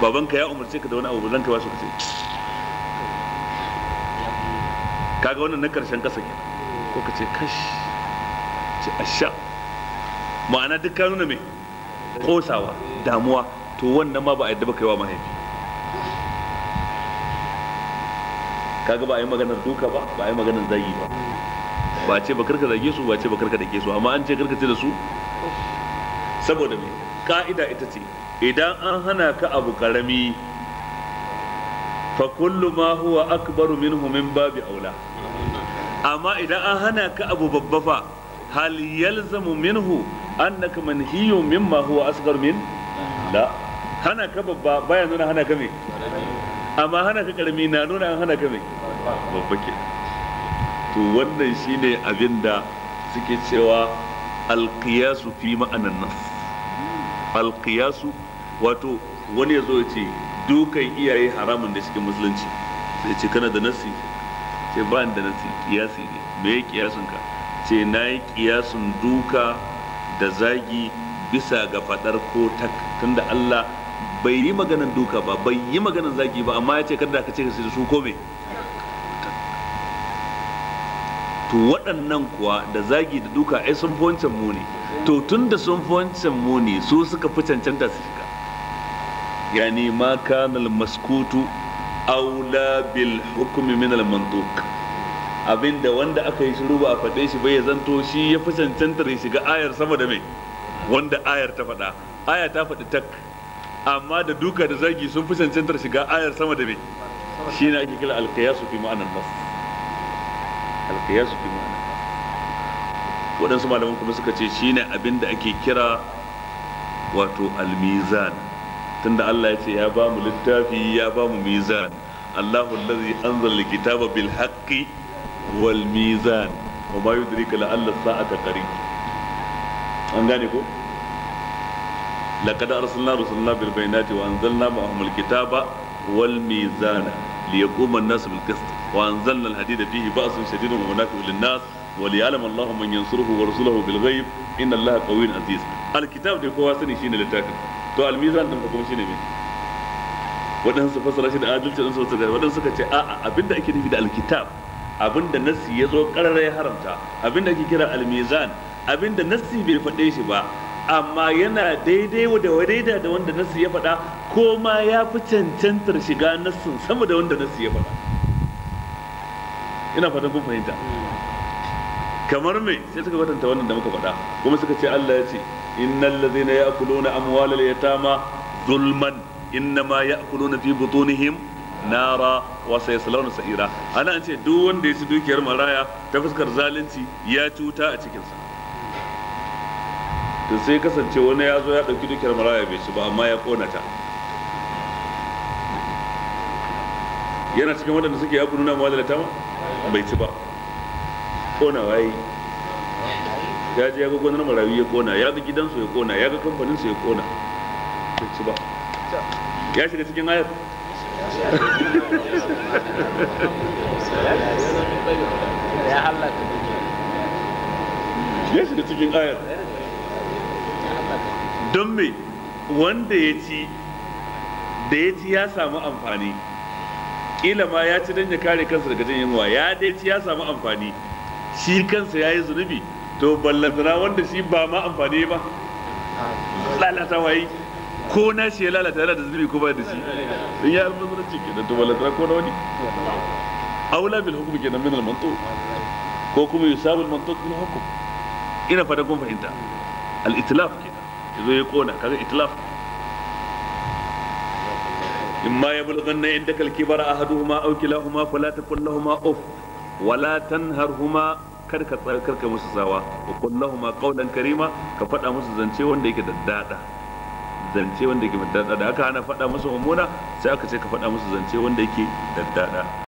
babanka ya umarce ka da wani abu zan kai wasu kace kaga wannan na karshen kasa ke ko kace kash ce asha ma'ana duk ka nuna me kosawa damuwa to wannan ma ba a yadda ba kai wa mahaifi kaga ba a yi maganar duka ba ba a yi maganar zagi ba ba ce ba karka zage su ba ce ba karka dake su amma an ce karka ce da su saboda me ka'ida ita ce idan an hana ka abu karami fa kullu ma huwa akbaru minhu min babi aula amma idan an hana ka abu babba fa hal yalzamu minhu annaka manhiyun mimma huwa asghar min la hana ka babba baya nuna hana ka me amma hana ka karami na nuna hana ka me babba ke to wannan shine abinda suke cewa alqiyasu fi ma'anan nas Alkiyasu, wato wani ya zo ya ce dukan iyaye haramun da suke musulunci sai ce kana da nasi ce ba da nasi kiyasi ne me ya kiyasinka? ka ce na yi kiyasin duka da zagi bisa ga fadar ko tak tunda Allah bai yi maganan duka ba bai yi maganan zagi ba amma ya ce kada ka ce ka su ko me. to waɗannan kuwa da zagi da duka ai sun fi wancan mu ne to tun da sun fi muni su suka fi cancanta su shiga yani ma kanal maskutu aula bil hukumi min al mantuk abinda wanda aka yi shiru ba a faɗe shi bai ya zanto shi ya fi cancantar ya shiga ayar sama da mai wanda ayar ta faɗa aya ta faɗi tak amma da duka da zagi sun fi cancantar shiga ayar sama da mai shi ne ake kira alkiyasu fi ma'anar nas alkiyasu fi ma'anar waɗansu malaman kuma suka ce shine abin da ake kira wato almizan tunda Allah ya ce ya ba mu littafi ya ba mu mizan Allahu an zalli kitaba bil haqqi wal mizan wa ma yudrika la alla sa'ata an gane ko لقد أرسلنا رسلنا بالبينات وأنزلنا معهم الكتاب والميزان ليقوم الناس بالقسط وأنزلنا الحديد فيه بأس شديد ومنافع للناس وليعلم الله من ينصره ورسوله بالغيب ان الله قوي عزيز الكتاب kowa sani shine littafin to almizan din kuma shine me wadansu su shi da adalci dan su wadansu suka ce a'a abinda ake nufi da alkitab abinda nassi ya zo ya haramta abinda ake kira almizan abinda nassi bai faɗe shi ba amma yana daidai da wadaida da wanda nassi ya faɗa ko ma ya fi cancantar shiga nassin sama da wanda nassi ya faɗa ina fatan kun fahimta kamar me sai suka kwatanta wannan da muka faɗa kuma suka ce Allah ya ce innal ya ya'kuluna amwalal yatama zulman innama ya'kuluna fi butunihim nara wa sayaslawna sa'ira ana an ce duk wanda ya ci dukiyar maraya ta fuskar zalunci ya cuta a cikin sa to sai kasance wani ya zo ya dauki dukiyar maraya bai ci ba amma ya konata ta yana cikin waɗanda suke ya kununa amwalal yatama bai ci ba kona waye ya je ya ga gonar marayu ya kona ya ga gidansu ya kona ya ga kamfaninsu ya kona bai ci ba ya shiga cikin ayar ya shiga cikin ayar don me wanda ya ci da ya ci ya samu amfani kila ma ya ci don ya kare kansa daga jin yunwa ya dai ci ya samu amfani shi kansa ya yi zunubi to ballantana wanda shi ba ma amfani ba lalata ko na shi ya lalata yana da zunubi ko ba da shi in ya to ballantana ko na wani aula bil min al ko kuma yusabu al ina fata kun fahimta al itlaf ya kona kaga itlaf ahaduhuma aw kilahuma fala uff kar ka kar ka musu sawa wa kullahu ma qawlan karima ka faɗa musu zance wanda yake daddada zance wanda yake daddada da aka hana faɗa musu mummuna sai aka ce ka faɗa musu zance wanda yake daddada